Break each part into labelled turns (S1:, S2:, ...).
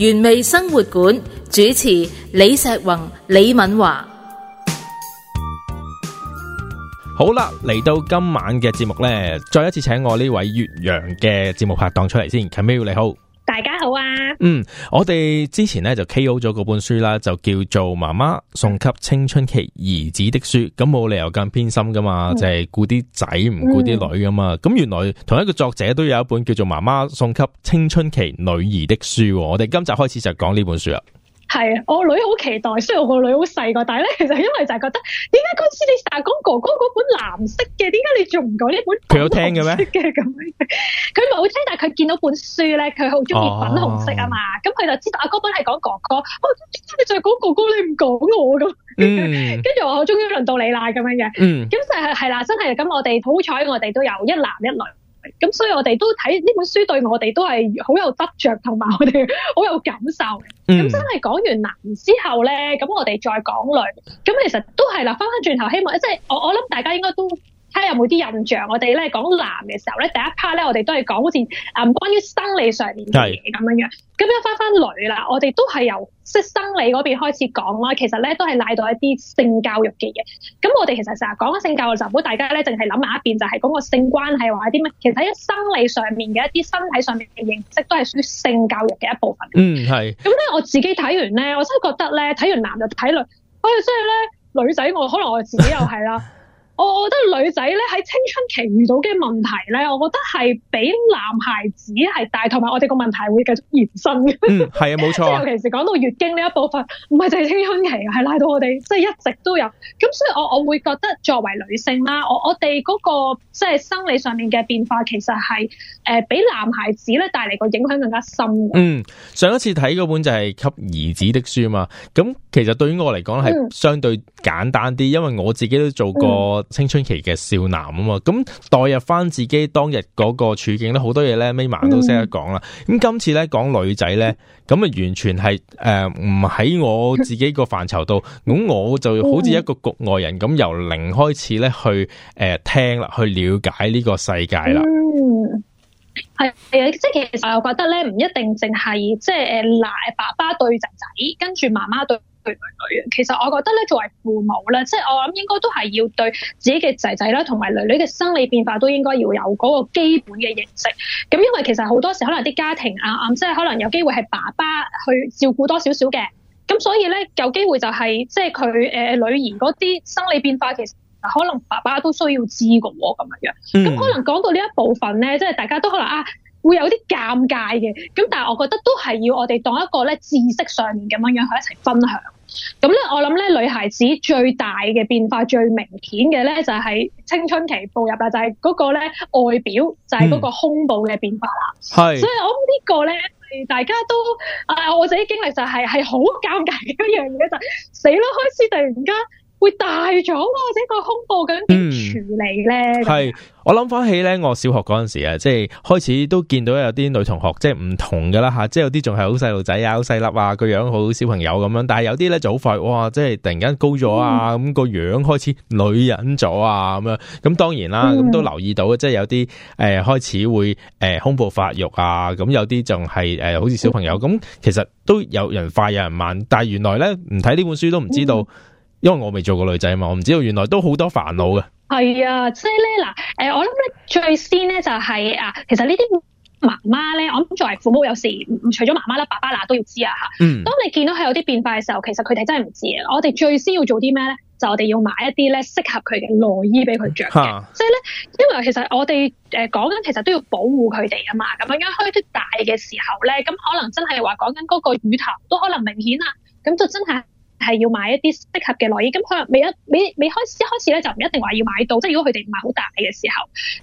S1: 原味生活館主持李碩宏、李敏華，
S2: 好啦，嚟到今晚嘅節目咧，再一次請我呢位岳陽嘅節目拍檔出嚟先，Camille 你好。大家好啊，嗯，我哋之前咧就 KO 咗嗰本書啦，就叫做《媽媽送給青春期兒子的書》，咁冇理由咁偏心噶嘛，嗯、就係顧啲仔唔顧啲女噶嘛，咁原來同一個作者都有一本叫做《媽媽送給青春期女兒的書》，我哋今集開始就講呢本書啦。
S1: 係啊，我女好期待，雖然我個女好細個，但係咧，其實因為就係覺得，點解嗰時你大講哥哥嗰本藍色嘅，點解你仲唔講呢本粉紅色嘅咁樣？佢冇聽， 聽，但係佢見到本書咧，佢好中意粉紅色，oh. 啊嘛，咁佢就知道啊，哥本係講哥哥，我終於再講哥哥你，你唔講我咁，跟住話我終於輪到你啦咁樣嘅，咁 就係係啦，真係咁，我哋好彩，我哋都有一男一女。咁所以我哋都睇呢本書對我哋都係好有得着，同埋我哋好有感受。咁真係講完男之後咧，咁我哋再講女，咁其實都係啦。翻翻轉頭，希望即係我我諗大家應該都。睇下有冇啲印象？我哋咧講男嘅時候咧，第一 part 咧，我哋都係講好似誒、嗯、關於生理上面嘅嘢咁樣樣。咁樣翻翻女啦，我哋都係由即生理嗰邊開始講啦。其實咧都係賴到一啲性教育嘅嘢。咁我哋其實成日講緊性教育，就唔好大家咧淨係諗埋一邊，就係嗰個性關係或啲咩。其實喺生理上面嘅一啲身體上面嘅認識，都係屬於性教育嘅一部分。
S3: 嗯，係。
S1: 咁咧、嗯、我自己睇完咧，我真係覺得咧睇完男就睇女，哎。所以咧女仔，我可能我自己又係啦。 我覺得女仔咧喺青春期遇到嘅問題咧，我覺得係比男孩子係大，同埋我哋個問題會
S2: 繼續延伸嘅。 嗯，係啊，冇錯。尤
S1: 其是講到月經呢一部分，唔係就係青春期，係拉到我哋，即係一直都有。咁所以我，我我會覺得作為女性啦，我我哋嗰個即係生理上面嘅變化，其實係誒比男孩子咧帶嚟個影響更加深嘅。嗯，
S2: 上一次睇嗰本就係《給兒子的書》嘛。咁其實對於我嚟講係相對簡單啲，嗯、因為我自己都做過、嗯。青春期嘅少男啊嘛，咁代入返自己當日嗰個處境咧，好多嘢咧，眯埋都識得講啦。咁今次咧講女仔咧，咁啊、嗯、完全係誒唔喺我自己個範疇度，咁、嗯、我就好似一個局外人咁，由零開始咧去誒、呃、聽啦，去了解呢個世界啦。嗯，係
S1: 啊，即係其實我覺得咧，唔一定淨係即係誒，奶、就是、爸爸對仔仔，跟住媽媽對。女。其實我覺得咧，作為父母咧，即係我諗應該都係要對自己嘅仔仔啦，同埋女女嘅生理變化都應該要有嗰個基本嘅認識。咁因為其實好多時可能啲家庭啊，即係可能有機會係爸爸去照顧多少少嘅，咁所以咧有機會就係、是、即係佢誒女兒嗰啲生理變化，其實可能爸爸都需要知嘅喎，咁樣樣。咁可能講到呢一部分咧，即係大家都可能啊會有啲尷尬嘅，咁但係我覺得都係要我哋當一個咧知識上面咁樣樣去一齊分享。咁咧，我諗咧，女孩子最大嘅變化最明顯嘅咧，就係青春期步入啦，就係嗰個咧外表，就係嗰個胸部嘅變化啦。係、嗯，所以我諗呢個咧係大家都啊、呃，我自己經歷就係係好尷尬嘅一樣嘢，就係死咯，開始突然間。會大咗或者個胸部究竟點處理
S2: 咧？係、嗯、我諗翻起咧，我小學嗰陣時啊，即係開始都見到有啲女同學，即係唔同噶啦吓，即係有啲仲係好細路仔啊，好細粒啊，個樣好小朋友咁樣。但係有啲咧就好快哇，即係突然間高咗啊，咁個、嗯、樣開始女人咗啊咁樣。咁當然啦，咁、嗯、都留意到，即係有啲誒、呃、開始會誒胸部發育啊，咁有啲仲係誒好似小朋友咁，其實都有人快，有人慢。但係原來咧，唔睇呢本書都唔知道。嗯因為我未做過女仔啊嘛，我唔知道原來都好多煩惱嘅。
S1: 係啊，即係咧嗱，誒、呃，我諗咧最先咧就係、是、啊，其實媽媽呢啲媽媽咧，我諗作為父母有，有時除咗媽媽啦，爸爸嗱都要知啊吓。嗯。當你見到佢有啲變化嘅時候，其實佢哋真係唔知嘅。我哋最先要做啲咩咧？就我哋要買一啲咧適合佢嘅內衣俾佢着嘅。即係咧，因為其實我哋誒講緊，其實都要保護佢哋啊嘛。咁樣，開始大嘅時候咧，咁可能真係話講緊嗰個乳頭都可能明顯啦，咁就真係。係要買一啲適合嘅內衣，咁可能未一未未開始一開始咧就唔一定話要買到，即係如果佢哋唔係好大嘅時候，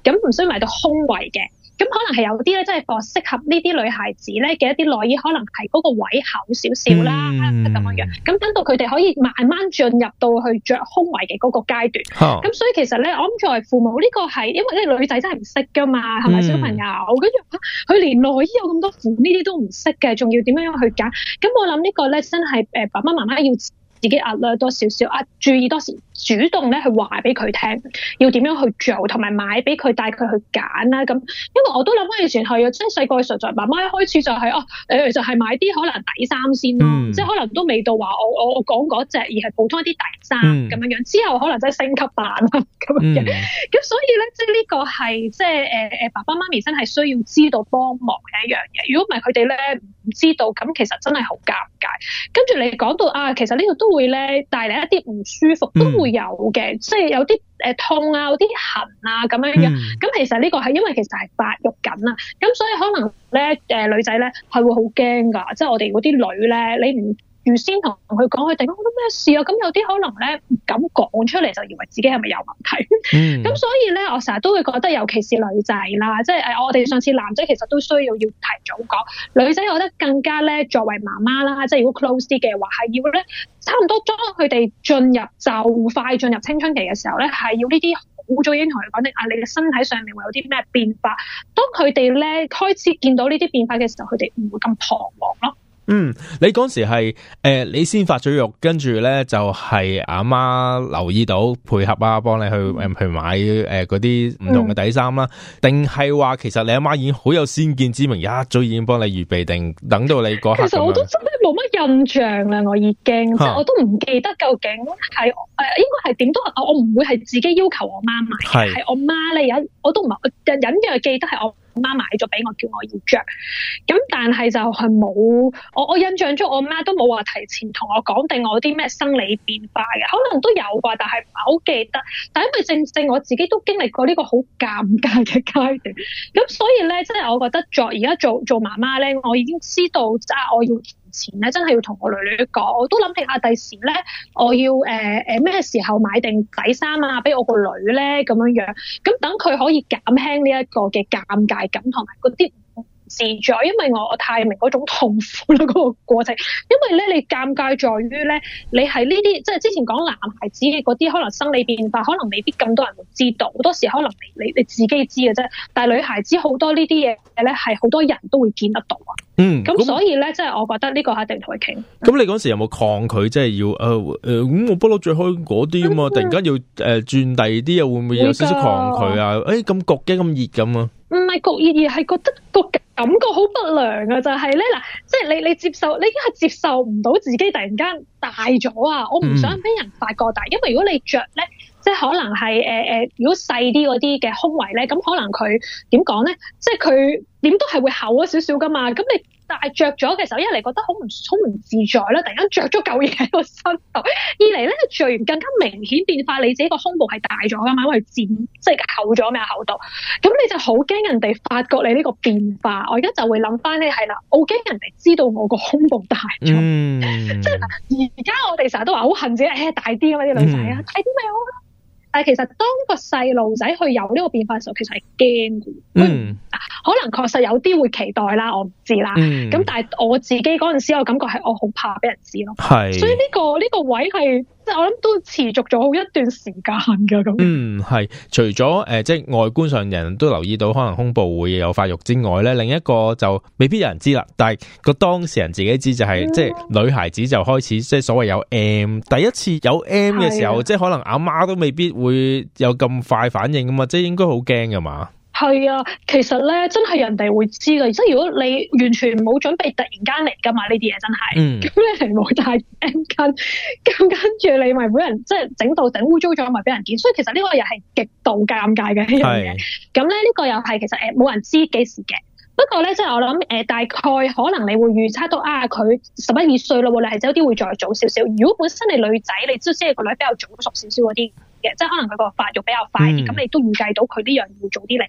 S1: 咁唔需要買到胸圍嘅。咁可能係有啲咧，即係符合呢啲女孩子咧嘅一啲內衣，可能係嗰個位厚少少啦，咁樣、嗯、樣。咁等到佢哋可以慢慢進入到去着胸圍嘅嗰個階段。咁、哦、所以其實咧，我諗作為父母，呢個係因為呢女仔真係唔識㗎嘛，係咪、嗯、小朋友？跟住佢連內衣有咁多款呢啲都唔識嘅，仲要點樣樣去揀？咁我諗呢個咧真係誒，爸爸媽媽要自己衡量多少少，啊，注意多啲。主動咧去話俾佢聽，要點樣去做，同埋買俾佢，帶佢去揀啦。咁因為我都諗翻以前係，即係細個嘅時候，就媽媽一開始就係、是、哦，誒、啊呃、就係、是、買啲可能底衫先咯，嗯、即係可能都未到話我我我講嗰隻，而係普通一啲底衫咁樣樣。之後可能真係升級版啦咁樣嘅。咁、嗯、所以咧，即係呢個係即係誒誒爸爸媽咪真係需要知道幫忙嘅一樣嘢。如果唔係佢哋咧唔知道，咁其實真係好尷尬。跟住你講到啊，其實呢度都會咧帶嚟一啲唔舒服，都會。有嘅，即係有啲誒痛啊，有啲痕啊咁樣樣。咁其實呢個係因為其實係發育緊啊，咁所以可能咧誒女仔咧係會好驚噶。即係我哋嗰啲女咧，你、嗯、唔～、 嗯 預先同佢講，佢哋好多咩事啊？咁有啲可能咧，唔敢講出嚟，就以為自己係咪有問題？咁、嗯、 所以咧，我成日都會覺得，尤其是女仔啦，即係誒，我哋上次男仔其實都需要要提早講，女仔我覺得更加咧，作為媽媽啦，即係如果 close 啲嘅話，係要咧差唔多當佢哋進入就快進入青春期嘅時候咧，係要呢啲好早已經同佢講定啊，你嘅身體上面會有啲咩變化？當佢哋咧開始見到呢啲變化嘅時候，佢哋唔會咁彷徨咯。
S2: 嗯，你嗰時係誒、呃，你先發咗育，跟住咧就係阿媽留意到配合啊，幫你去誒去、呃、買誒嗰啲唔同嘅底衫啦，啊，定係話其實你阿媽已經好有先見之明，一早已經幫你預備定，等到你過。其實我都
S1: 真係冇乜印象啦，我已經、嗯、即係我都唔記得究竟係誒、呃、應該係點都係，我我唔會係自己要求我媽買，係是我媽咧有，我都唔係，我隱約記得係我。媽買咗俾我，叫我要着。咁但係就係冇，我我印象中我媽都冇話提前同我講定我啲咩生理變化嘅，可能都有啩，但係唔係好記得。但係因為正正我自己都經歷過呢個好尷尬嘅階段，咁所以咧，即係我覺得作而家做做媽媽咧，我已經知道即係我要。錢咧真係要同我女女講，我都諗起啊，第時咧我要誒誒咩時候買定底衫啊，俾我個女咧咁樣樣，咁等佢可以減輕呢一個嘅尷尬感同埋嗰啲。自助，因為我太明嗰種痛苦啦，嗰個過程。因為咧，你尷尬在於咧，你係呢啲即係之前講男孩子嘅嗰啲，可能生理變化，可能未必咁多人會知道。好多時可能你你自己知嘅啫。但係女孩子好多呢啲嘢咧，係好多人都會見得到。observing 嗯，
S2: 咁、嗯、Ok 所
S1: 以咧，即係我覺得呢個係一定同佢傾、嗯。
S2: 咁你嗰時有冇抗拒？即係要誒誒，咁我不嬲最開嗰啲啊嘛，突然間要誒轉第二啲，又會唔會有少少抗拒啊？誒咁焗嘅，咁熱咁啊？
S1: 唔係焗熱，而係覺得焗。感覺好不良啊！就係咧嗱，即係你你接受，你已經係接受唔到自己突然間大咗啊！我唔想俾人發覺大，因為如果你着咧，即係可能係誒誒，如果細啲嗰啲嘅胸圍咧，咁可能佢點講咧，即係佢點都係會厚咗少少㗎嘛，咁你。但係着咗嘅時候，一嚟，覺得好唔好唔自在啦，突然間着咗舊嘢喺個身度；二嚟咧，著完更加明顯變化，你自己個胸部係大咗噶嘛，因為剪即係厚咗咩厚度，咁你就好驚人哋發覺你呢個變化。我而家就會諗翻咧，係啦，我驚人哋知道我個胸部大咗，即係而家我哋成日都話好恨自己，誒、呃、大啲咁啊啲女仔啊，嗯嗯、大啲咩好？但係其實當個細路仔去有呢個變化嘅時候，其實係驚嘅。嗯，可能確實有啲會期待啦，我唔知啦。嗯、咁、但係我自己嗰陣時，我感覺係我好怕俾人知咯。係是，所以呢、呢個呢、呢個位係。即係我諗都持續咗好
S2: 一段時間噶咁。嗯，係除咗誒、呃，即係外觀上人都留意到可能胸部會有發育之外咧，另一個就未必有人知啦。但係個當事人自己知就係、是，嗯、即係女孩子就開始即係所謂有 M，第一次有 M 嘅時候，的即係可能阿媽都未必會有咁快反應噶嘛，即係應該好驚噶嘛。
S1: 係啊，其實咧真係人哋會知噶，即係如果你完全冇準備，突然間嚟噶嘛，呢啲嘢真係，咁、嗯、你係冇帶 M 巾，咁、嗯、跟住你咪俾人即係整到整污糟咗，咪俾人見，所以其實呢個又係極度尷尬嘅一是樣嘢。咁咧呢個又係其實誒冇人知幾時嘅。不過咧即係我諗誒、呃，大概可能你會預測到啊，佢十一二歲咯喎，你係有啲會再早少少。如果本身你女仔，你即係個女比較早熟少少嗰啲。即係可能佢個發育比較快啲，咁、嗯、你都預計到佢呢樣會早啲嚟。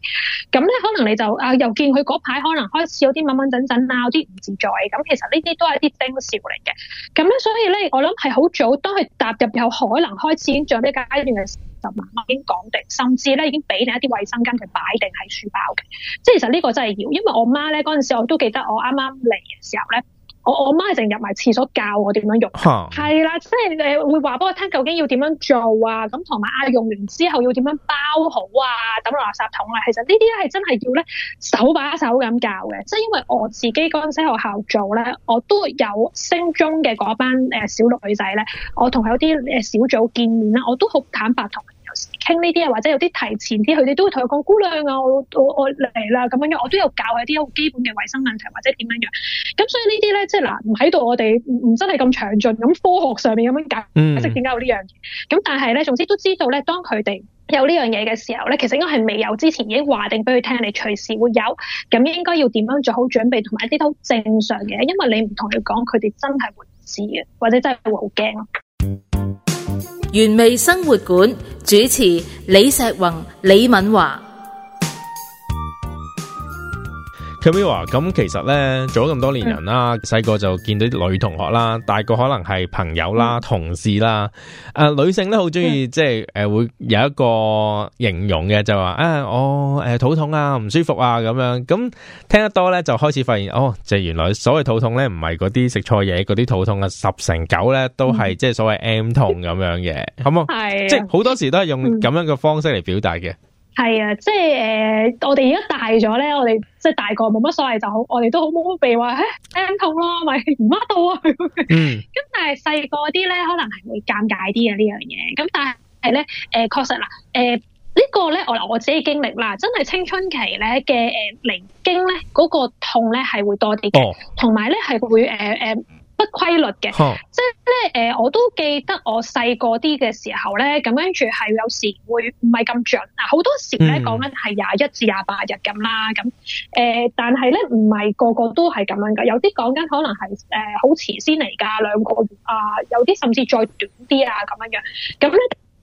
S1: 咁咧，可能你就啊，又見佢嗰排可能開始有啲掹掹整整啊，有啲唔自在。咁其實呢啲都係一啲徵兆嚟嘅。咁咧，所以咧，我諗係好早當佢踏入有可能開始已經做呢階，階段嘅時候，就媽媽已經講定，甚至咧已經俾你一啲衞生巾佢擺定喺書包嘅。即係其實呢個真係要，因為我媽咧嗰陣時，我都記得我啱啱嚟嘅時候咧。我我媽成日入埋廁所教我點樣用，係啦哈，即係誒會話畀我聽究竟要點樣做啊，咁同埋啊用完之後要點樣包好啊，抌落垃圾桶啊，其實呢啲咧係真係要咧手把手咁教嘅，即係因為我自己嗰陣時學校做咧，我都有升中嘅嗰班誒小女仔咧，我同佢有啲誒小組見面啦，我都好坦白同傾呢啲啊，或者有啲提前啲，佢哋都會同佢講姑娘啊，我我嚟啦咁樣樣，我都有教佢啲好基本嘅衞生問題或者點樣樣。咁所以呢啲咧，即係嗱，唔喺度我哋唔真係咁詳盡咁科學上面咁樣教點解有、嗯、呢樣嘢。咁但係咧，總之都知道咧，當佢哋有呢樣嘢嘅時候咧，其實應該係未有之前已經話定俾佢聽，你隨時會有，咁應該要點樣做好準備同埋一啲都正常嘅，因為你唔同佢講，佢哋真係會知嘅，或者真係會好驚。原味生活館主持李碩宏、李敏華。
S2: 咁其實咧做咗咁多年人啦，細個就見到啲女同學啦，大個可能係朋友啦、同事啦。誒、呃、女性咧好中意即係誒、呃、會有一個形容嘅，就話、是、啊我誒、哦欸、肚痛啊、唔舒服啊咁樣。咁聽得多咧，就開始發現哦，即係原來所謂肚痛咧，唔係嗰啲食錯嘢嗰啲肚痛啊，十成九咧都係、嗯、即係所謂 M 痛咁 樣嘅，好冇？係、啊、即係好多時都係用咁樣嘅方式嚟表達嘅。
S1: 係啊，即係誒、呃，我哋而家大咗咧，我哋即係大個冇乜所謂，就好，我哋都好冇被話誒，生、欸、痛咯，咪唔乜到啊。 嗯。咁但係細個啲咧，可能係會尷尬啲啊。呢樣嘢。咁但係咧，誒，確實啦，誒、這個，呢個咧，我我自己經歷啦，真係青春期咧嘅誒嚟經咧，嗰個痛咧係會多啲嘅，同埋咧係會誒誒。呃呃不規律嘅， 即係咧誒，我都記得我細個啲嘅時候咧，咁跟住係有時會唔係咁準啊，好多時咧講緊係廿一至廿八日咁啦，咁誒、呃，但係咧唔係個個都係咁樣噶，有啲講緊可能係誒好遲先嚟㗎，兩個月啊，有啲甚至再短啲啊咁樣樣，咁咧。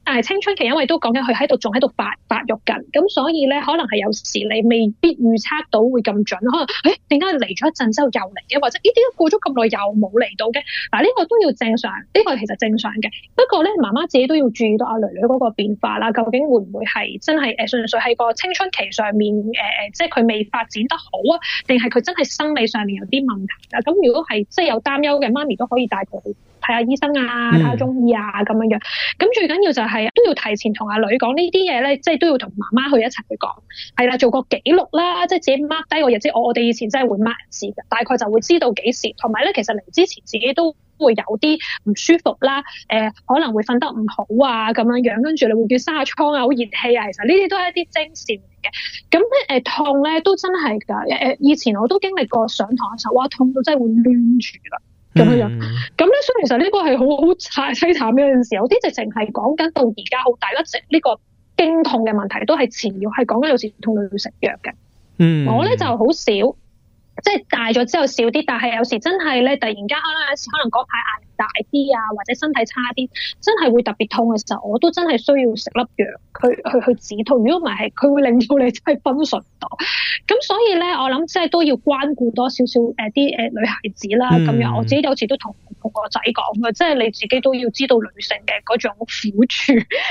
S1: 但係青春期，因為都講緊佢喺度仲喺度發發育緊，咁所以咧可能係有時你未必預測到會咁準，可能誒點解嚟咗一陣之後又嚟嘅，或者呢點解、欸、過咗咁耐又冇嚟到嘅，嗱、啊、呢、呢個都要正常，呢、呢個其實正常嘅。不過咧，媽媽自己都要注意到阿囡囡嗰個變化啦，究竟會唔會係真係誒純粹係個青春期上面誒誒、呃，即係佢未發展得好啊，定係佢真係生理上面有啲問題啊？咁如果係即係有擔憂嘅，媽咪都可以帶佢睇下、啊、醫生啊，睇下中醫啊，咁樣樣。咁、嗯、最緊要就係都要提前同阿女講呢啲嘢咧，即係都要同媽媽去一齊去講。係啦，做個記錄啦，即係自己 mark 低個日子。我我哋以前真係會 mark 字嘅，大概就會知道幾時。同埋咧，其實嚟之前自己都會有啲唔舒服啦，誒、呃、可能會瞓得唔好啊，咁樣樣，跟住你會叫沙瘡啊，好熱氣啊。其實、呃、呢啲都係一啲徵兆嚟嘅。咁誒痛咧都真係嘅。誒、呃、以前我都經歷過上堂嘅時候，哇痛到真係會攣住啦～咁、mm hmm. 樣，咁咧，所以其實呢個係好好太悲慘嘅，有陣時。有啲直情係講緊到而家好大一直。呢個經痛嘅問題，都係次要係講緊有時痛到要食藥嘅。嗯、
S3: mm，hmm. 我
S1: 咧就好少，即係大咗之後少啲，但係有時真係咧，突然間可能有時可能嗰排壓力大啲啊，或者身體差啲，真係會特別痛嘅時候，我都真係需要食粒藥去去去止痛。如果唔係，佢會令到你真係分神到。咁所以咧，我諗即係都要關顧多少少誒啲誒女孩子啦。咁、呃呃呃呃呃、樣我自己有時都同同個仔講嘅，即係你自己都要知道女性嘅嗰種苦處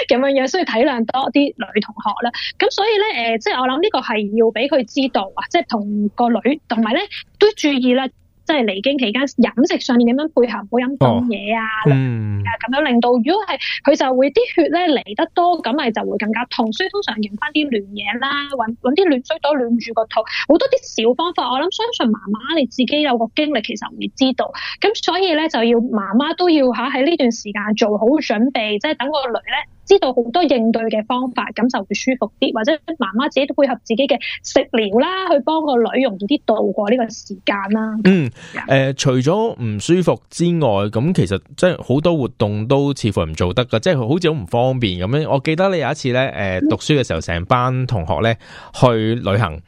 S1: 咁樣嘢，需要體諒多啲女同學啦。咁所以咧誒、呃，即係我諗呢個係要俾佢知道啊，即係同個女同埋。咧都注意啦，即係嚟經期間飲食上面點樣配合，唔好飲凍嘢啊，咁、哦啊、樣令到如果係佢就會啲血咧嚟得多，咁咪就會更加痛。所以通常用翻啲暖嘢啦，搵搵啲暖水袋暖住個肚，好多啲小方法。我諗相信媽媽你自己有個經歷，其實唔會知道。咁所以咧就要媽媽都要吓喺呢段時間做好準備，即係等個女咧。知道好多應對嘅方法，咁就會舒服啲，或者媽媽自己配合自己嘅食療啦，去幫個女容易啲度過呢個時間啦。
S2: 嗯，誒、呃，除咗唔舒服之外，咁其實即係好多活動都似乎唔做得㗎，即係好似好唔方便咁樣。我記得你有一次咧，誒、呃，讀書嘅時候，成班同學咧去旅行，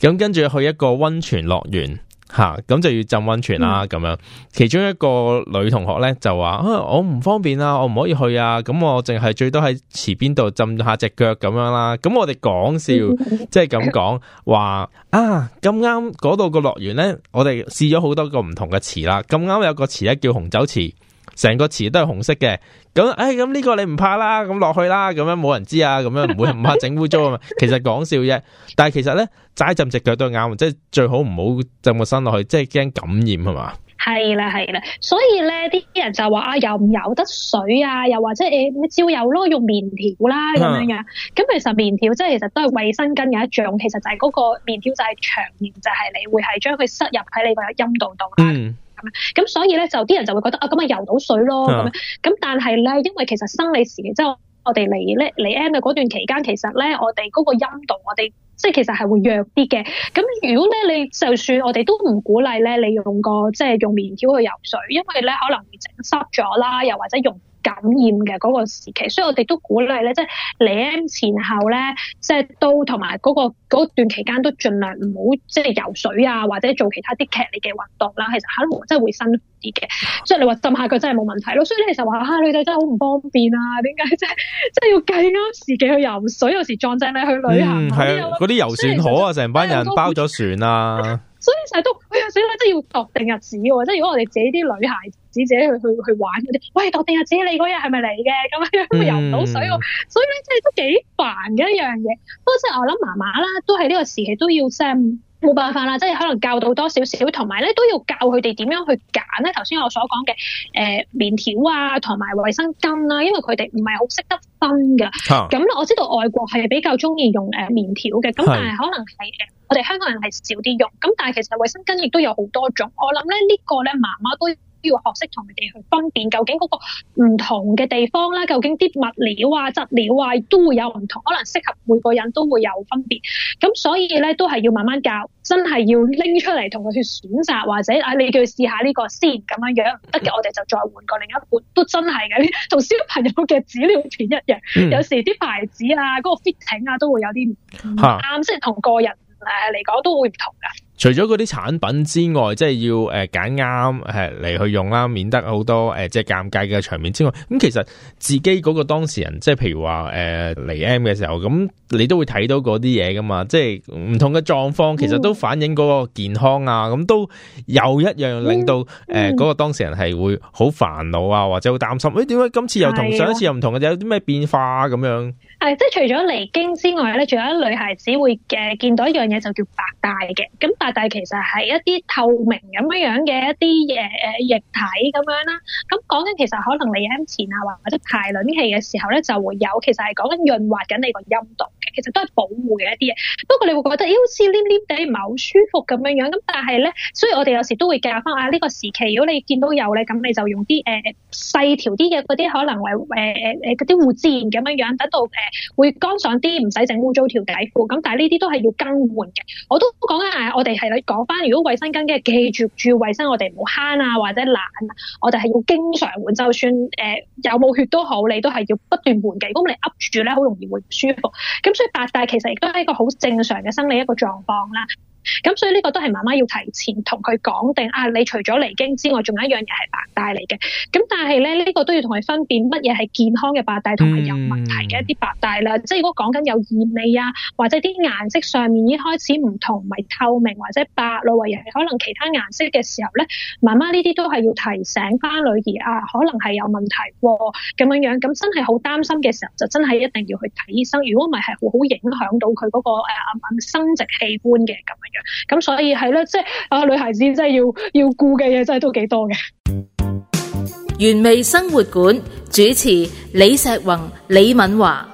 S2: 咁跟住去一個溫泉樂園。吓，咁、啊、就要浸溫泉啦，咁樣。其中一個女同學咧就話，啊，我唔方便啦，啊，我唔可以去啊。咁我淨係最多喺池邊度浸下隻腳咁樣啦。咁我哋講笑， 即係咁講話啊。咁啱嗰度個樂園咧，我哋試咗好多個唔同嘅池啦。咁啱有個池咧叫紅酒池。成個池都係紅色嘅。咁誒，咁、哎、呢個你唔怕啦，咁落去啦，咁樣冇人知啊，咁樣唔會唔怕整污糟啊嘛。 其實講笑啫，但係其實咧，齋浸隻腳都係啱，即係最好唔好浸個身落去，即係驚感染係嘛？
S1: 係啦係啦。所以咧啲人就話啊，又唔游得水啊？又或者誒，欸、照有咯、啊，用棉條啦咁樣、嗯、樣。咁其實棉條即係其實都係衛生巾嘅一種，其實就係嗰個棉條就係長年，就係、是、你會係將佢塞入喺你個陰道度啦。嗯咁，所以咧就啲人就會覺得啊，咁啊游到水咯咁樣。咁、啊、但係咧，因為其實生理時期即係我哋嚟咧嚟 M 嘅嗰段期間，其實咧我哋嗰個陰道我哋即係其實係會弱啲嘅。咁如果咧你就算我哋都唔鼓勵咧，你用個即係用棉條去游水，因為咧可能會整濕咗啦，又或者用。感染嘅嗰個時期，所以我哋都鼓勵咧，即係嚟 M 前後咧，即係都同埋嗰個段期間都盡量唔好即係游水啊，或者做其他啲劇烈嘅運動啦。其實可能我真係會辛苦啲嘅。所以你話浸下佢真係冇問題咯。所以咧，其實話啊女仔真係好唔方便啊？點解即係即係要計啱時機去游水，有時撞正你去旅行。嗯，
S2: 係啊，嗰啲遊船河啊，成班人包咗船啊。
S1: 所以成日都，哎呀死、哦 哦、啦！都要確定日子喎，即係如果我哋自己啲女孩子自己去去去玩嗰啲，喂，確定日子你嗰日係咪嚟嘅咁樣，咁游唔到水喎。所以咧，即係都幾煩嘅一樣嘢。不過即係我諗媽媽啦，都係呢個時期都要，即係冇辦法啦，即係可能教到多少少，同埋咧都要教佢哋點樣去揀咧。頭先我所講嘅誒棉條啊，同埋衛生巾啊，因為佢哋唔係好識得分㗎。咁、啊、我知道外國係比較中意用誒棉條嘅，咁但係可能係誒。我哋香港人係少啲用，咁但係其實衛生巾亦都有好多種。我諗咧呢個咧，媽媽都要學識同佢哋去分辨，究竟嗰個唔同嘅地方啦，究竟啲物料啊、質料啊都會有唔同，可能適合每個人都會有分別。咁所以咧都係要慢慢教，真係要拎出嚟同佢去選擇，或者啊你叫佢試下呢個先咁樣樣唔得嘅，我哋就再換個另一款，都真係嘅。同小朋友嘅紙尿片一樣，嗯、有時啲牌子啊、嗰、嗰個 fitting 啊都會有啲唔啱，即係同哈 個人。誒嚟講都會
S2: 唔同噶，除咗嗰啲產品之外，即係要誒揀啱誒嚟去用啦，免得好多誒、呃、即係尷尬嘅場面之外，咁其實自己嗰個當事人，即係譬如話誒嚟 M 嘅時候，咁你都會睇到嗰啲嘢噶嘛，即係唔同嘅狀況，其實都反映嗰個健康啊，咁都有一樣令到誒嗰個當事人係會好煩惱啊，或者好擔心，誒點解今次又同上一次又唔同嘅、啊、有啲咩變化咁、啊、樣？
S1: 係，即係、嗯、除咗嚟經之外咧，仲有一女孩子會嘅見到一樣嘢就叫白帶嘅。咁白帶其實係一啲透明咁樣樣嘅一啲嘢誒液體咁樣啦。咁、嗯、講緊其實可能你喺前啊或者排卵期嘅時候咧就會有，其實係講緊潤滑緊你個陰道。其實都係保護嘅一啲嘢，不過你會覺得，哎、好似黏黏地唔係好舒服咁樣樣。咁但係咧，所以我哋有時都會教翻啊呢、這個時期，如果你見到有咧，咁你就用啲誒細條啲嘅嗰啲可能係誒誒誒嗰啲護墊咁樣樣，等到誒、呃、會乾爽啲，唔使整污糟條底褲。咁但係呢啲都係要更換嘅。我都講緊誒，我哋係講翻，如果衛生巾嘅，記住注意衛生，我哋唔好慳啊或者懶啊，我哋係要經常換，就算誒、呃、有冇血都好，你都係要不斷換嘅。如果你噏住咧，好容易會唔舒服。咁所以白帶其實亦都係一個好正常嘅生理一個狀況啦。咁所以呢個都係媽媽要提前同佢講定啊！你除咗嚟經之外，仲有一樣嘢係白帶嚟嘅。咁但係咧，呢、呢個都要同佢分辨乜嘢係健康嘅白，白帶，同埋有問題嘅一啲白帶啦。即係如果講緊有異味啊，或者啲顏色上面已經開始唔同，唔係透明或者白咯，或者可能其他顏色嘅時候咧，媽媽呢啲都係要提醒翻女兒啊，可能係有問題喎咁樣樣。咁真係好擔心嘅時候，就真係一定要去睇醫生。如果唔係，係會好影響到佢嗰、嗰個、啊啊、生殖器官嘅咁樣。咁所以係咧，即係啊，女孩子真係要要顧嘅嘢，真係都幾多嘅。原味生活館主持李碩宏、李敏華。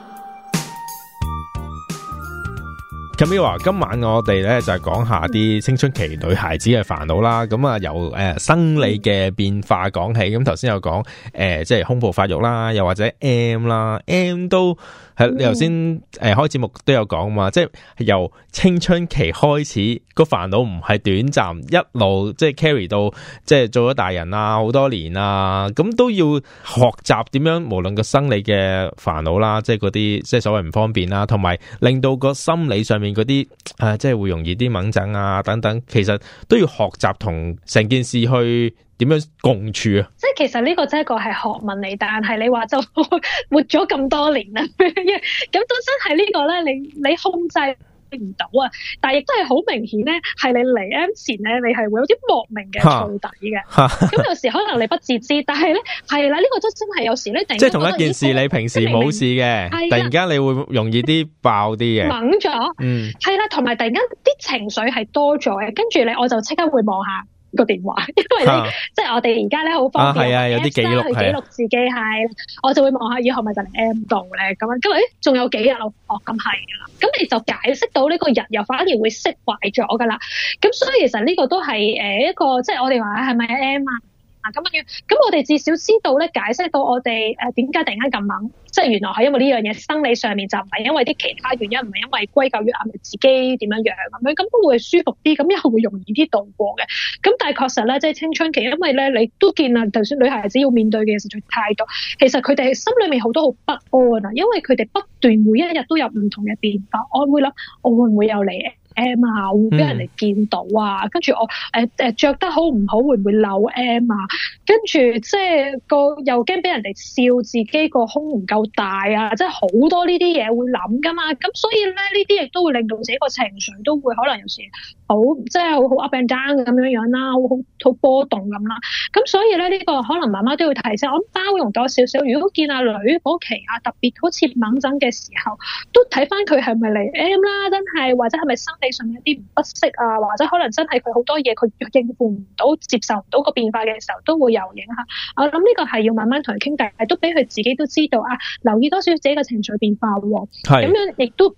S2: 咁呢話，今晚我哋咧就係講下啲青春期女孩子嘅煩惱啦。咁啊由誒生理嘅變化講起。咁頭先有講誒、呃，即係胸部發育啦，又或者 M 啦，M 都。係你頭先誒開節目都有講嘛，即係由青春期開始個煩惱唔係短暫，一路即係 carry 到即係做咗大人啊，好多年啊，咁都要學習點樣，無論個生理嘅煩惱啦、啊，即係嗰啲即係所謂唔方便啊，同埋令到個心理上面嗰啲誒，即係會容易啲掹疹啊等等，其實都要學習同成件事去。點樣共處啊？
S1: 即係其實呢個真係一個係學問嚟，但係你話就 活咗咁多年啦，咁 都真係呢個咧，你你控制唔到啊！但係亦都係好明顯咧，係你嚟 M 前咧，你係會有啲莫名嘅燥底嘅。咁 有時可能你不自知，但係咧係啦，呢、這個都真係有時咧，即係同一件事，
S2: 你平時冇事嘅，明明了突然間你會容易啲爆啲嘅，懵咗了。嗯，
S1: 係啦，同埋突然間啲情緒係多咗，嘅。跟住咧我就即刻會望下。個電話，因為咧，啊、即係我哋而家咧好方便，M
S2: 咧、啊啊、去記錄
S1: 自己係，啊啊、我就會望下，以後係咪就嚟 M 度咧，咁樣，咁誒，仲有幾日咯，哦，咁係噶啦，咁你就解釋到呢個人又反而會釋懷咗噶啦，咁所以其實呢個都係誒一個，即係我哋話係咪 M 啊？咁啊，咁我哋至少知道咧，解釋到我哋誒點解突然間咁猛，即係原來係因為呢樣嘢生理上面，就唔係因為啲其他原因，唔係因為歸咎於啊，自己點樣樣咁樣，咁都會舒服啲，咁又會容易啲度過嘅。咁但係確實咧，即係青春期，因為咧你都見啊，就算女孩子要面對嘅實在太多，其實佢哋心裏面好多好不安啊，因為佢哋不斷每一日都有唔同嘅變化，我會諗我會唔會有你，M 啊，會俾人哋見到啊，嗯、跟住我誒誒着得好唔好，會唔會漏 M 啊，跟住即係個又驚俾人哋笑自己個胸唔夠大啊，即係好多呢啲嘢，會諗噶嘛，咁所以咧，呢啲亦都會令到自己個情緒都會可能有時。好即係好好 up and down 咁樣樣啦，好好好波動咁啦。咁所以咧，呢個可能媽媽都要提醒，我包容多少少。如果見阿女嗰期啊，特別好似猛增嘅時候，都睇翻佢係咪嚟 M 啦，真係或者係咪心理上有啲唔適啊，或者可能真係佢好多嘢佢應付唔到、接受唔到個變化嘅時候，都會有影嚇。我諗呢個係要慢慢同佢傾偈，係都俾佢自己都知道啊，留意多少自己嘅情緒變化喎。係咁是樣亦都。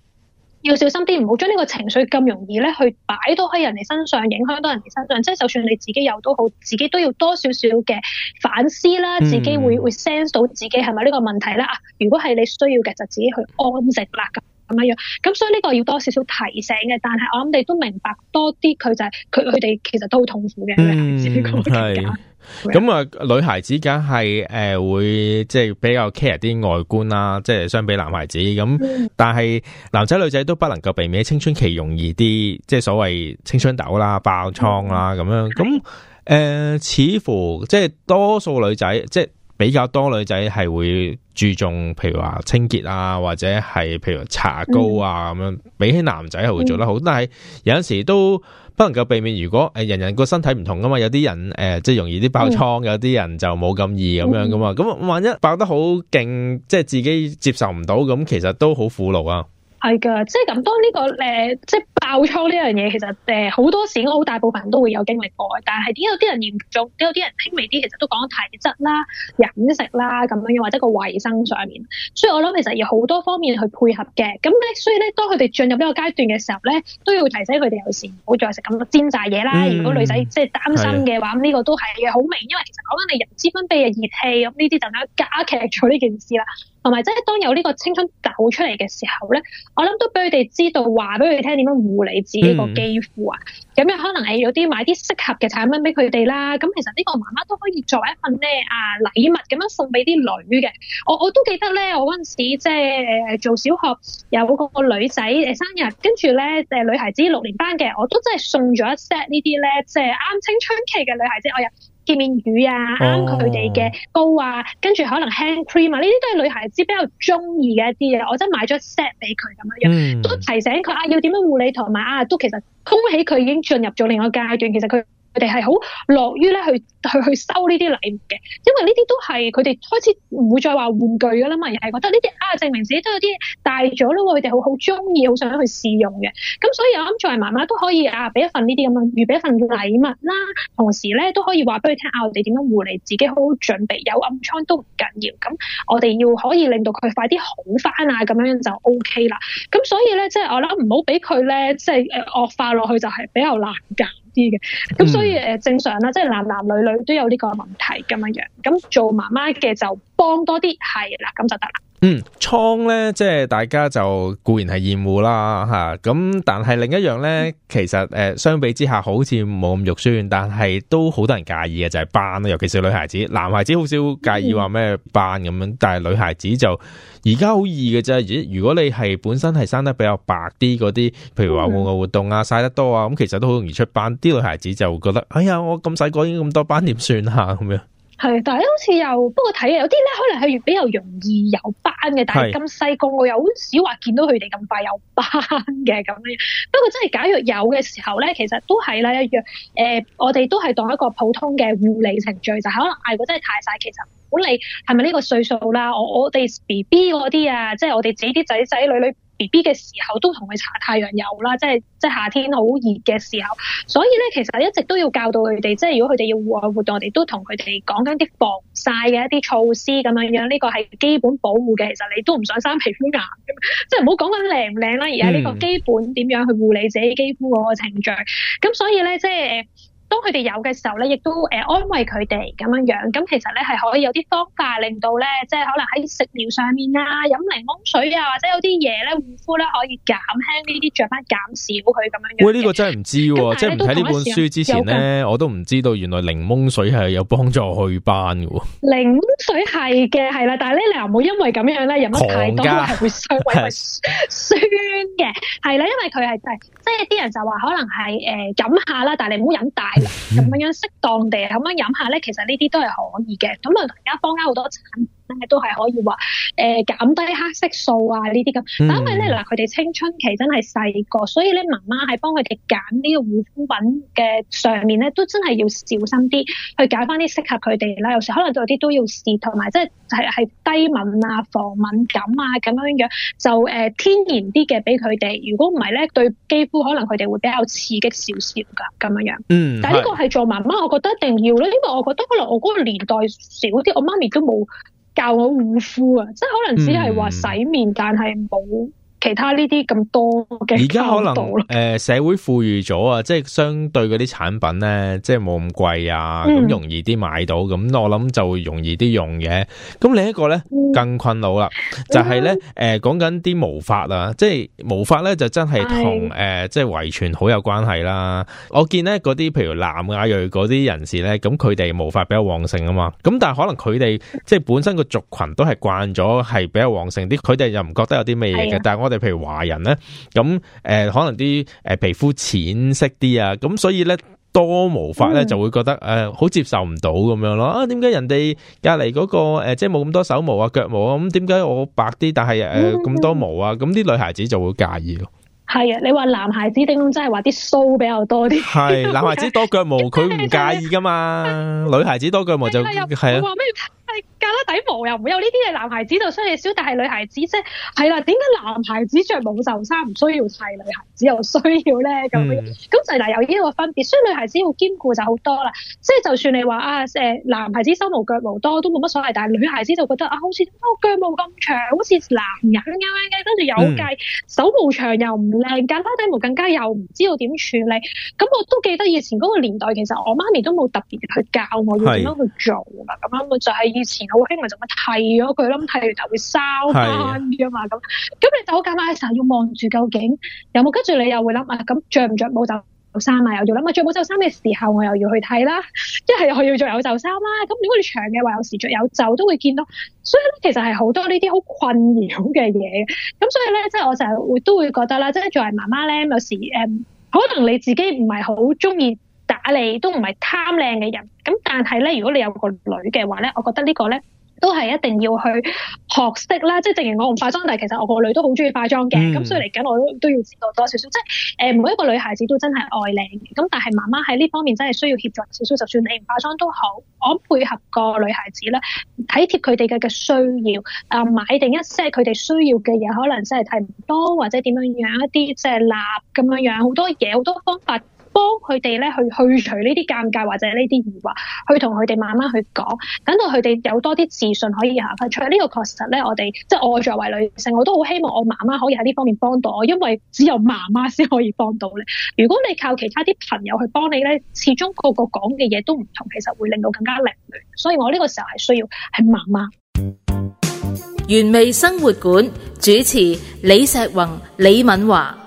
S1: 要小心啲，唔好將呢個情緒咁容易咧，去擺到喺人哋身上，影響到人哋身上。即係就算你自己有都好，自己都要多少少嘅反思啦。自己會會 sense 到自己係咪呢個問題啦？啊，如果係你需要嘅，就自己去安靜啦。咁樣樣，咁所以呢個要多少少提醒嘅，但係我諗你都明白多啲、就是，佢就係佢佢哋其實都好痛苦
S2: 嘅。嗯，係。咁啊是的、呃，女孩子梗係誒會即係比較 care 啲外觀啦，即係相比男孩子咁。嗯、但係男仔女仔都不能夠避免青春期容易啲，即係所謂青春痘啦、爆瘡啦咁、嗯、樣。咁誒的、呃，似乎即係多數女仔即係。比較多女仔係會注重，譬如話清潔啊，或者係譬如茶膏啊咁樣，比起男仔係會做得好。嗯、但係有陣時都不能夠避免，如果誒、呃、人人個身體唔同噶嘛，有啲人誒、呃、即係容易啲爆瘡，嗯、有啲人就冇咁易咁樣噶、嗯、嘛。咁萬一爆得好勁，即係自己接受唔到，咁其實都好苦惱啊。
S1: 係噶，即係咁、這個。當呢個誒，即係爆瘡呢樣嘢，其實誒好、呃、多時，我好大部分人都會有經歷過。但係點解有啲人嚴重，有啲人輕微啲，其實都講體質啦、飲食啦咁樣，或者個衞生上面。所以我諗其實要好多方面去配合嘅。咁咧，所以咧，當佢哋進入呢個階段嘅時候咧，都要提醒佢哋有時唔好再食咁多煎炸嘢啦。嗯、如果女仔即係擔心嘅話，咁呢的個都係好明。因為其實講緊你油脂分泌嘅熱氣，咁呢啲就等加劇咗呢件事啦。同埋，即係當有呢個青春痘出嚟嘅時候咧，我諗都俾佢哋知道，話俾佢哋聽點樣護理自己個肌膚啊。咁又、嗯、可能係有啲買啲適合嘅產品俾佢哋啦。咁其實呢個媽媽都可以作為一份咧啊禮物咁樣送俾啲女嘅。我我都記得咧，我嗰陣時即係誒做小學有個女仔誒生日，跟住咧誒女孩子六年班嘅，我都真係送咗一 set 呢啲咧，即係啱青春期嘅女孩子，我又。潔面乳啊，啱佢哋嘅膏啊，跟住可能 hand cream 啊，呢啲都係女孩子比較中意嘅一啲嘢。我真係買咗 set 俾佢咁樣，都提醒佢啊，要點樣護理同埋啊，都其實恭喜佢已經進入咗另外一個階段。其實佢。佢哋係好樂於咧去去去收呢啲禮物嘅，因為呢啲都係佢哋開始唔會再話玩具嘅啦嘛，而係覺得呢啲啊證明自己都有啲大咗咯，佢哋好好中意，好想去試用嘅。咁所以我諗作為媽媽都可以啊，俾一份呢啲咁樣預備一份禮物啦，同時咧都可以話俾佢聽啊，我哋點樣護理自己，好好準備有暗瘡都唔緊要，咁我哋要可以令到佢快啲好翻啊，咁樣就 OK 啦。咁所以咧，即係我諗唔好俾佢咧，即係誒、呃、惡化落去就係比較難㗎。啲嘅，咁所以誒正常啦，即係男男女女都有呢個問題咁樣樣。咁做媽媽嘅就幫多啲係啦，咁就得
S2: 啦。嗯，瘡咧即係大家就固然係厭惡啦吓，咁、啊、但係另一樣咧，其實誒、呃、相比之下好似冇咁肉酸，但係都好多人介意嘅就係斑啦，尤其是女孩子，男孩子好少介意話咩斑咁樣，但係女孩子就而家好易嘅啫。如果你係本身係生得比較白啲嗰啲，譬如話戶外活動啊曬得多啊，咁、嗯、其實都好容易出斑，啲女孩子就會覺得「哎呀我咁細個已經咁多斑點算啊？」咁樣。
S1: 係，但係好似又，不過睇有啲咧，可能係越比較容易有斑嘅。但係咁細個，的我又好少話見到佢哋咁快有斑嘅咁樣。不過真係，假若有嘅時候咧，其實都係啦一樣。誒、呃，我哋都係當一個普通嘅護理程序，就係、是、可能如果真係太曬。其實管理係咪呢個歲數啦？我我哋 B B 嗰啲啊，即係我哋自己啲仔仔女女。B B 嘅時候都同佢搽太陽油啦，即係即係夏天好熱嘅時候，所以咧其實一直都要教到佢哋，即係如果佢哋要戶外活動，我哋都同佢哋講緊啲防曬嘅一啲措施咁樣樣，呢個係基本保護嘅。其實你都唔想生皮膚癌，即係唔好講緊靚唔靚啦，而係呢個基本點樣去護理自己肌膚嗰個程序。咁、嗯、所以咧即係。當佢哋有嘅時候咧，亦都誒、呃、安慰佢哋咁樣樣。咁其實咧係可以有啲方法令到咧，即係可能喺食療上面啊，飲檸檬水啊，或者有啲嘢咧護膚咧可以減輕呢啲雀斑，減少佢咁樣樣。喂、欸，呢、這個真係唔知喎、啊，是即係唔睇呢本書之前咧，
S2: 我都唔知道原來檸檬水係有幫助去斑嘅喎。
S1: 檸檬水係嘅，係啦，但係咧你又唔好因為咁樣咧飲得太多係會收胃酸嘅，係啦， 因為佢係真係。即係啲人就話可能係誒飲下啦，但係你唔好飲大啦，咁樣 樣適當地咁樣飲下咧，其實呢啲都係可以嘅。咁啊，而家坊間好多產品，都係可以話誒減低黑色素啊，呢啲咁，但因為咧，嗱，佢哋，嗯、青春期真係細個，所以咧媽媽係幫佢哋揀呢媽媽個護膚品嘅上面咧，都真係要小心啲去揀翻啲適合佢哋啦。有時可能都有啲都要試，同埋即係係係低敏啊，防敏感啊咁樣樣，就誒，呃、天然啲嘅俾佢哋。如果唔係咧，對肌膚可能佢哋會比較刺激少少噶，咁樣樣。嗯，但係呢個係做媽媽，的我覺得一定要咯，因為我覺得可能我嗰個年代少啲，我媽咪都冇。教我護膚啊，即係可能只係話洗面，嗯、但係冇。其他呢啲咁多嘅而家可能
S2: 誒、呃、社會富裕咗啊，即係相對嗰啲產品咧，即係冇咁貴啊，咁容易啲買到，咁我諗就會容易啲用嘅。咁另一個咧更困惱啦，就係咧誒講緊啲毛髮啊，即係毛髮咧就真係同誒即係遺傳好有關係啦。我見咧嗰啲譬如南亞裔嗰啲人士咧，咁佢哋毛髮比較旺盛啊嘛，咁但係可能佢哋即係本身個族群都係慣咗係比較旺盛啲，佢哋又唔覺得有啲咩嘢嘅，但係的。我。 我哋譬如華人咧，咁誒可能啲誒皮膚淺色啲啊，咁所以咧多毛髮咧就會覺得誒好接受唔到咁樣咯。啊，點解人哋隔籬嗰個誒即係冇咁多手毛啊腳毛啊？咁點解我白啲但係誒咁多毛啊？咁啲女孩子就會介意咯。係啊，
S1: 你話男孩子定真係話啲鬚比較多啲？
S2: 係，男孩子多腳毛佢唔介意噶嘛，女孩子多腳毛就唔係 啊。
S1: 格拉底毛又唔會有呢啲嘅，男孩子就需要小弟係女孩子啫。係係啦。點解男孩子着冇袖衫唔需要，但係女孩子又需要咧咁？咁、嗯、就嗱有呢個分別。所以女孩子要兼顧就好多啦。即係就算你話啊，誒，男孩子手毛腳毛多都冇乜所謂，但係女孩子就覺得啊，好似我腳毛咁長，好似男人咁樣嘅，跟住有計、嗯、手毛長又唔靚，格拉底毛更加又唔知道點處理。咁我都記得以前嗰個年代，其實我媽咪都冇特別去教我要點樣去做噶，咁我就係以。前我希望就咁剃咗佢啦，咁剃完頭就會收翻啲啊嘛咁。咁的你走架阿嘅時候要望住究竟有冇，跟住你又會諗啊，咁着唔着冇袖衫啊，又要諗啊，着冇袖衫嘅時候我又要去睇啦。一係又要着有袖衫啦。咁如果你長嘅話，有時着有袖都會見到。所以咧，其實係好多呢啲好困擾嘅嘢。咁所以咧，即係我就會都會覺得啦，即係作為媽媽咧，有時誒、嗯，可能你自己唔係好中意。打你都唔係貪靚嘅人，咁但係咧，如果你有個女嘅話咧，我覺得個呢個咧都係一定要去學識啦。即係正如我唔化妝，但係其實我個女都好中意化妝嘅，咁、嗯、所以嚟緊我都要知道多少少。即係誒、呃，每一個女孩子都真係愛靚，咁但係媽媽喺呢方面真係需要協助少少。就算你唔化妝都好，我配合個女孩子咧，體貼佢哋嘅嘅需要，誒買定一些佢哋需要嘅嘢，可能真係睇唔多或者點樣樣一啲即係蠟咁樣樣，好多嘢好多方法。幫佢哋咧去去除呢啲尷尬或者呢啲疑惑，去同佢哋慢慢去講，等到佢哋有多啲自信可以行返出嚟。呢個確實咧，我哋即係我作為女性，我都好希望我媽媽可以喺呢方面幫到我，因為只有媽媽先可以幫到你。如果你靠其他啲朋友去幫你咧，始終個個講嘅嘢都唔同，其實會令到更加凌亂。所以我呢個時候係需要係媽媽。原味生活館主持李碩宏、李敏華。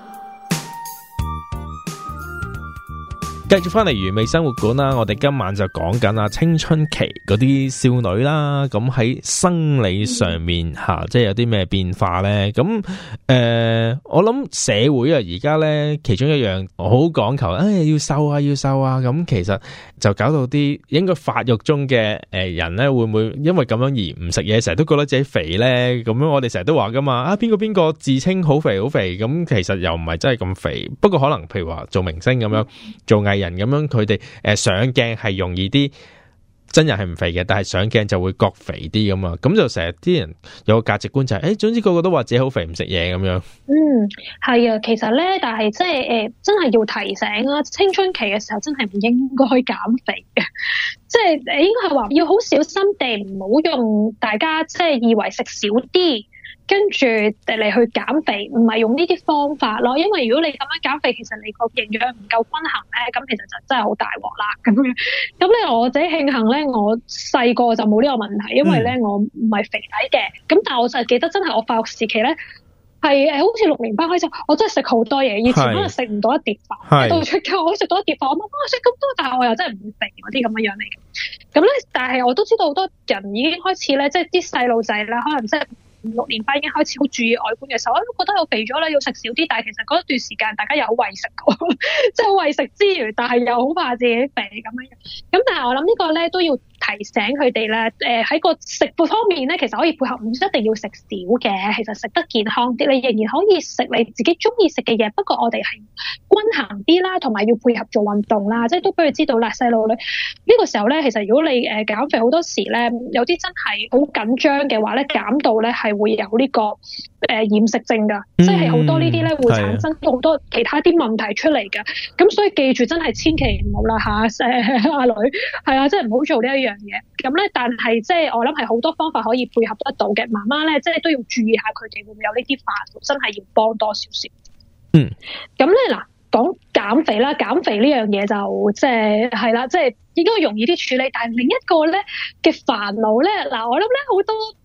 S2: 繼續翻嚟《完美生活館》啦，我哋今晚就講緊啊青春期嗰啲少女啦，咁喺生理上面吓、 啊，即係有啲咩變化咧？咁誒、呃，我諗社會啊而家咧，其中一樣好講求，誒要瘦啊要瘦啊，咁、啊啊、其實就搞到啲應該發育中嘅誒人咧，會唔會因為咁樣而唔食嘢，成日都覺得自己肥咧？咁樣我哋成日都話噶嘛，啊邊個邊個自稱好肥好肥，咁其實又唔係真係咁肥，不過可能譬如話做明星咁樣做藝。人咁樣，佢哋誒上鏡係容易啲，真人係唔肥嘅，但係上鏡就會覺肥啲咁啊。咁就成日啲人有個價值觀就係、是，誒、欸，總之個個都話自己好肥，唔食嘢咁樣。
S1: 嗯，係啊，其實呢，但係即係誒，真係要提醒啦。青春期嘅時候真係唔應該去減肥嘅，即係你應該話要好小心地唔好用大家即係以為食少啲。跟住嚟去減肥，唔係用呢啲方法咯，因為如果你咁樣減肥，其實你個營養唔夠均衡咧，咁其實就真係好大鑊啦。咁、嗯、樣，咁咧我自己慶幸咧，我細個就冇呢個問題，因為咧我唔係肥仔嘅。咁但係我就記得真係我發育時期咧，係誒好似六年班開始，我真係食好多嘢，以前可能食唔到一碟飯，是到出街我可以食到一碟飯。是我媽媽食咁多，但係我又真係唔肥嗰啲咁嘅樣嚟。嘅咁咧，但係我都知道好多人已經開始咧，即係啲細路仔啦，可能即係。五六年班已經開始好注意外觀嘅時候，我都覺得我肥咗啦，要食少啲。但係其實嗰一段時間，大家又好為食過，即係好為食之餘，但係又好怕自己肥咁樣。咁但係我諗呢個咧都要。提醒佢哋咧，誒喺個食物方面咧，其實可以配合唔一定要食少嘅，其實食得健康啲，你仍然可以食你自己鍾意食嘅嘢。不過我哋係均衡啲啦，同埋要配合做運動啦，即係都俾佢知道啦，細路女呢個時候咧，其實如果你誒減肥好多時咧，有啲真係好緊張嘅話咧，減到咧係會有呢、這個誒厭食症㗎，嗯、即係好多呢啲咧會產生好多其他啲問題出嚟㗎。咁的所以記住，真係千祈唔好啦嚇，阿女係啊，真係唔好做呢一樣。樣嘢，咁咧、嗯，但係即係我諗係好多方法可以配合得到嘅。媽媽咧，即係都要注意下佢哋會唔會有呢啲煩惱，真係要幫多少少。嗯，咁咧嗱，講減肥啦，減肥呢樣嘢就即係係啦，即係應該容易啲處理。但係另一個咧嘅煩惱咧，嗱，我諗咧好多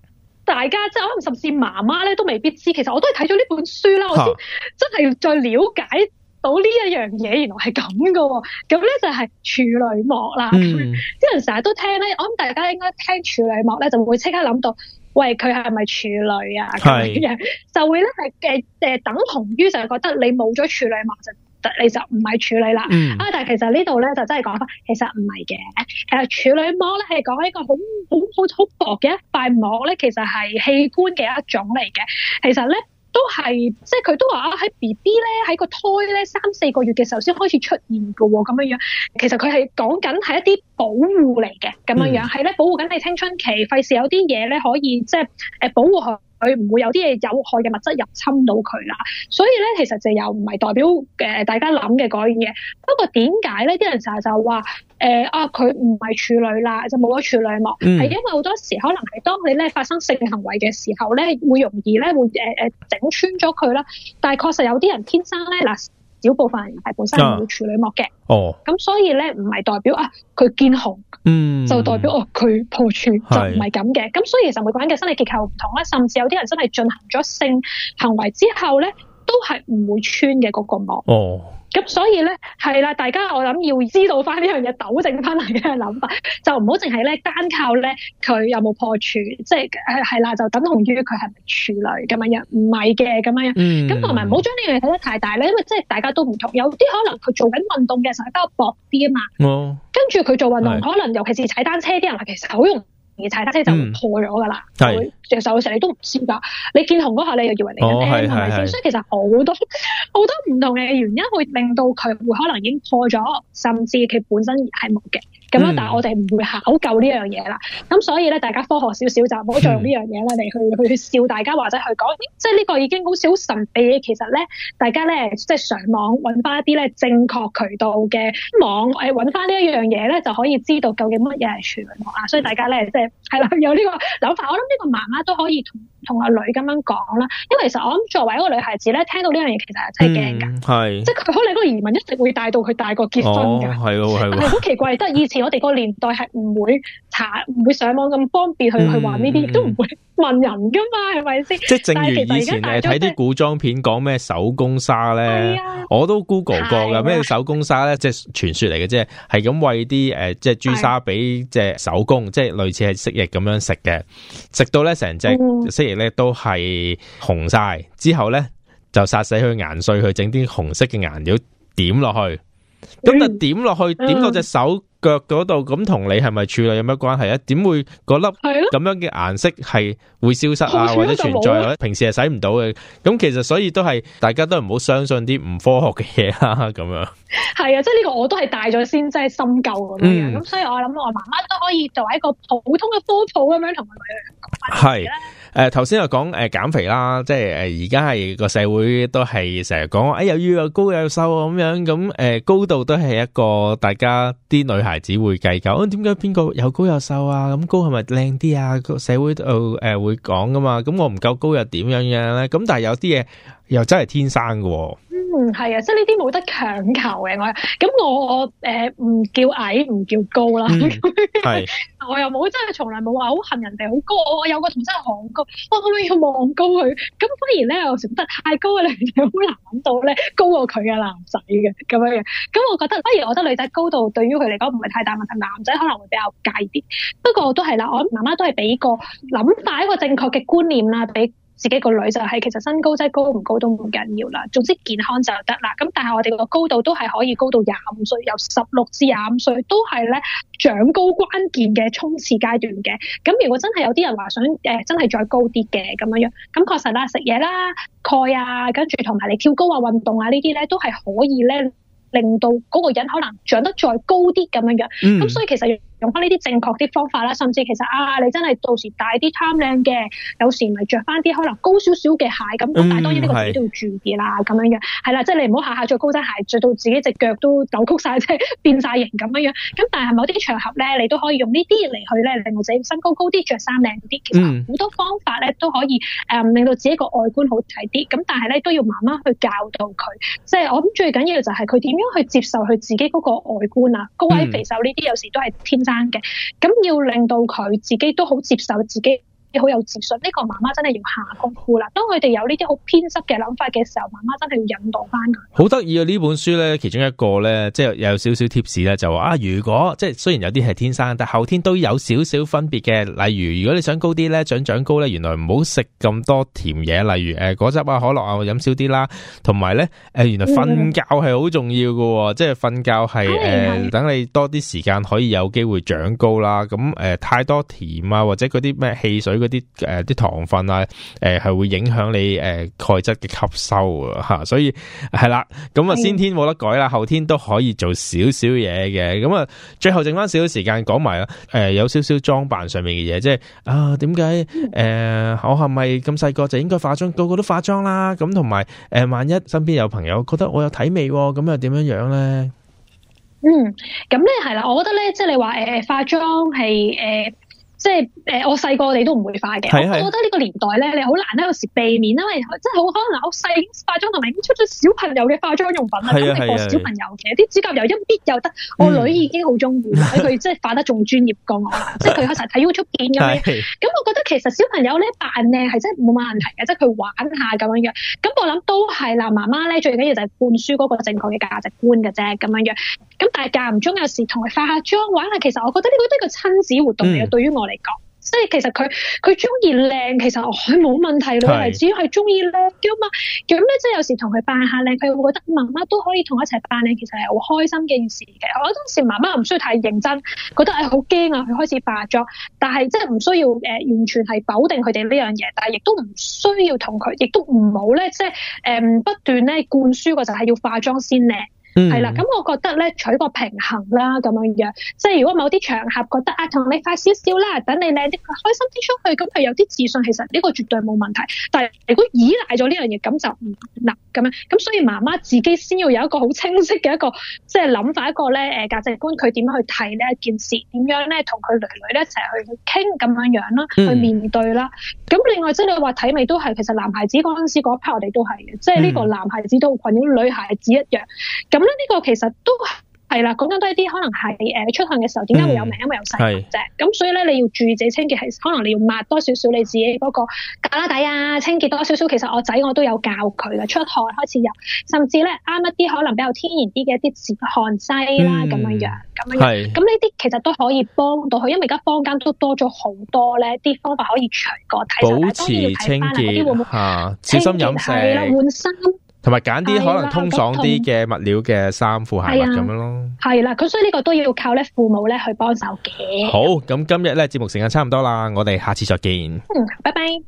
S1: 大家即係可能甚至媽媽咧都未必知。其實我都係睇咗呢本書啦，哈我先真係再了解。到呢一樣嘢，原來係咁嘅，咁咧就係處女膜啦。啲、嗯、人成日都聽咧，我諗大家應該聽處女膜咧，就會即刻諗到，喂，佢係咪處女啊？咁樣是就會咧係誒誒等同於就覺得你冇咗處女膜就，你就唔係處女啦。嗯、啊！但係其，其，其，其，其實呢度咧就真係講翻，其實唔係嘅。誒處女膜咧係講一個好好好好薄嘅一塊膜咧，其實係器官嘅一種嚟嘅。其實咧。都係，即係佢都話喺 B B 咧，喺個胎咧，三四個月嘅時候先開始出現㗎喎、哦，咁樣樣。其實佢係講緊係一啲保護嚟嘅，咁樣樣係咧保護緊你青春期，費事有啲嘢咧可以即係誒、呃、保護佢。佢唔會有啲嘢有害嘅物質入侵到佢啦，所以咧其實就又唔係代表誒大家諗嘅嗰樣嘢。呃啊、不過點解咧啲人成日就話誒啊佢唔係處女啦，就冇咗處女膜，係、嗯、因為好多時可能係當你咧發生性行為嘅時候咧，會容易咧會誒誒、呃、整穿咗佢啦。但係確實有啲人天生咧嗱。呃小部分人係本身唔會處女膜嘅，咁、啊哦、所以咧唔係代表啊佢見紅，
S3: 嗯、就代
S1: 表哦佢破處就唔係咁嘅。咁是所以其實每個人嘅生理結構唔同啦，甚至有啲人真係進行咗性行為之後咧，都係唔會穿嘅嗰個膜。哦咁所以咧，係啦，大家我諗要知道翻呢樣嘢，糾正翻嚟嘅諗法，就唔好淨係咧單靠咧佢有冇破處，即係係係啦，就等同於佢係咪處女嘅咁樣？唔係嘅咁樣。咁同埋唔好將呢樣嘢睇得太大咧，因為即係大家都唔同，有啲可能佢做緊運動嘅時候比較薄啲啊嘛。哦，跟住佢做運動，可能是尤其是踩單車啲人，其實好容易。而踩單車就破咗噶啦，嗯、會入手嘅時候你都唔知噶，你見紅嗰下你又以為你
S3: 嘅 M 係咪先？所以其
S1: 實好多好多唔同嘅原因，會令到佢會可能已經破咗，甚至佢本身係冇嘅。咁啦，嗯、但係我哋唔會考究呢樣嘢啦。咁所以咧，大家科學少少就唔好再用呢樣嘢啦嚟，去去笑大家或者去講，即係呢個已經好少神秘嘅。其實咧，大家咧即係上網揾翻一啲咧正確渠道嘅網誒，揾翻呢一樣嘢咧就可以知道究竟乜嘢係傳說啊。所以大家咧、嗯、即係係啦，有呢個諗法。我諗呢個媽媽都可以同。同阿女咁樣講啦，因為其實我諗作為一個女孩子咧，聽到呢樣嘢其實係
S3: 真係驚㗎，即
S1: 係佢可能個疑問一直會帶到佢大個結婚㗎，
S3: 係喎，但係好
S1: 奇怪，得以前我哋個年代係唔會查，唔會上網咁方便去去話呢啲，都唔會問人㗎嘛，係咪先？
S2: 即係正如以前誒睇啲古裝片講咩手工沙咧，我都 Google 過㗎，咩手工沙咧，即係傳說嚟嘅啫，係咁喂啲誒即係朱砂俾隻手工，即係類似係蜥蜴咁樣食嘅，食到咧成隻蜥蜴。咧都係紅晒之後咧，就殺死佢顏碎，去整啲紅色嘅顏料點落去。咁就係點落去點到隻手腳嗰度，咁同你係咪處女有咩關係啊？點會嗰粒咁樣嘅顏色係會消失啊，或者存在啊？平時係洗唔到嘅。咁其實所以都係，大家都唔好相信啲唔科學嘅嘢啦。咁樣。.
S1: 係啊，即係呢個我都係大咗先，真係深究咁樣。咁、嗯、所以我諗我媽媽都可以作
S2: 為一個普通嘅科普咁樣同佢女女講誒，頭、呃、先又講誒、呃、減肥啦，即係誒而家係個社會都係成日講，哎呀要有，有高又瘦啊咁樣。咁、嗯、誒、呃、高度都係一個大家啲女孩子會計較。哦、啊，點解邊個有高又瘦啊？咁、嗯、高係咪靚啲啊？個社會誒誒、呃、會講噶嘛？咁、嗯、我唔夠高又點樣樣咧？咁、嗯、但係有啲嘢又真係天生噶、啊。
S1: 嗯，係啊，即係呢啲冇得強求嘅我。咁我我誒唔叫矮，唔叫高啦。係、嗯， 我又冇真係從來冇話好恨人哋好高。我有個同事好高，我可唔可以要望高佢，咁反而咧我成日覺得，太高嘅女仔好難諗到咧高過佢嘅男仔嘅咁樣嘅。咁我覺得，不如我覺得女仔高度對於佢嚟講唔係太大問題，男仔可能會比較介意啲。不過都係啦，我媽媽都係俾個諗法一個正確嘅觀念啦，俾。自己個女就係、是、其實身高真係高唔高都唔緊要啦，總之健康就得啦。咁但係我哋個高度都係可以高到廿五歲，由十六至廿五歲都係咧長高關鍵嘅衝刺階段嘅。咁如果真係有啲人話想誒、呃、真係再高啲嘅咁樣樣，咁確實啦，食嘢啦、鈣啊，跟住同埋你跳高啊、運動啊呢啲咧都係可以咧令到嗰個人可能長得再高啲咁樣樣。咁、嗯、所以其實。用翻呢啲正確啲方法啦，甚至其實啊，你真係到時帶啲貪靚嘅，有時咪着翻啲可能高少少嘅鞋咁。但係當然呢個嘢都要注意啦，咁、嗯、樣樣係啦，即係你唔好下下着高踭鞋，着到自己隻腳都扭曲晒，即係變晒形咁樣樣。咁但係某啲場合咧，你都可以用呢啲嚟去咧，令到自己身高高啲，着衫靚啲。其實好多方法咧都可以誒，令、嗯、到自己個外觀好睇啲。咁但係咧都要慢慢去教導佢，即係我諗最緊要就係佢點樣去接受佢自己嗰個外觀啊，高矮肥瘦呢啲有時都係生嘅，咁要令到佢自己都好接受自己。好有自信，呢、這個媽媽真係要下
S2: 功夫啦。當佢哋有呢啲好偏執嘅諗法嘅時候，媽媽真係要引導翻佢。好得意啊！呢本書咧，其中一個咧，即係有少少 tips 咧，就話啊，如果即係雖然有啲係天生，但後天都有少少分別嘅。例如如果你想高啲咧，想長高咧，原來唔好食咁多甜嘢，例如誒果汁啊、可樂啊，飲少啲啦。同埋咧，誒原來瞓覺係好重要噶、哦，嗯、即係瞓覺係誒等你多啲時間可以有機會長高啦。咁誒、呃、太多甜啊，或者嗰啲咩汽水。嗰啲誒，啲、呃、糖分啊，誒、呃，係會影響你誒鈣質嘅吸收啊，吓，所以係啦，咁啊，先天冇得改啦，的後天都可以做少少嘢嘅，咁、嗯、啊，最後剩翻少少時間講埋啦，誒，有少少裝扮上面嘅嘢，即係啊，點解誒，我係咪咁細個就應該化妝，個個都化妝啦，咁同埋誒，萬一身邊有朋友覺得我有體味，咁又點樣樣咧？嗯，
S1: 咁咧係啦，我覺得咧，即係你話誒化妝係誒。呃即係誒、呃，我細個你都唔會化嘅。 我覺得呢個年代咧，你好難咧，有時避免，因為真係好可能。我細已經化妝，同埋出咗小朋友嘅化妝用品啦。係咁你個小朋友其實啲指甲油一搣又得。我女已經好中意，佢即係化得仲專業過我。 即係佢有時睇 YouTube 見咁樣。咁 我覺得其實小朋友咧扮靚係真係冇乜問題嘅，即係佢玩下咁樣樣。咁我諗都係啦，媽媽咧最緊要就係灌輸嗰個正確嘅價值觀嘅啫，咁樣樣。咁但係間唔中有時同佢化下妝玩下，其實我覺得呢個都係一個親子活動嚟嘅。 對於我嚟講，即係其實佢佢中意靚，其實佢冇問題嘅，是只要係中意靚噶嘛。咁咧，即係有時同佢扮下靚，佢會覺得媽媽都可以同一齊扮靚，其實係好開心嘅件事嘅。我當時媽媽唔需要太認真，覺得誒好驚啊，佢開始化妝，但係即係唔需要誒完全係否定佢哋呢樣嘢，但係亦都唔需要同佢，亦都唔好咧，即係誒不斷咧灌輸過就係要化妝先靚。嗯，係啦，咁我覺得咧取個平衡啦，咁樣樣，即係如果某啲場合覺得啊，同你快少少啦，等你靚啲，開心啲出去，咁係有啲自信，其實呢個絕對冇問題。但係如果依賴咗呢樣嘢，咁就唔能。咁樣，咁所以媽媽自己先要有一個好清晰嘅一個，即係諗法一個咧，誒、呃、價值觀佢點樣去睇呢一件事，點樣咧同佢女女咧一齊去傾咁樣樣啦，去面對啦。咁、嗯、另外即係你話體味都係其實男孩子嗰陣時嗰一批我哋都係嘅，嗯、即係呢個男孩子都好困擾女孩子一樣。咁咧呢個其實都。係啦，講緊多一啲，可能係誒出汗嘅時候，點解會有味，因為有細菌啫。咁所以咧，你要注意自己清潔，係可能你要抹多少少你自己嗰個胳肋底啊，清潔多少少。其實我仔我都有教佢嘅出汗開始有，甚至咧啱一啲可能比較天然啲嘅一啲止汗劑啦，咁樣樣，咁樣。係。咁呢啲其實都可以幫到佢，因為而家坊間都多咗好多咧啲方法可以隨個睇，但當
S2: 然要睇翻嗰啲會唔會啊？小心飲食，換衫。同埋揀啲可能通爽啲嘅物料嘅衫褲鞋襪咁、啊、樣
S1: 咯，係啦、啊，咁、啊、所以呢個都要靠咧父母咧去幫手嘅。好，
S2: 咁今日咧節目時間差唔多啦，我哋下次再見。嗯，
S1: 拜拜。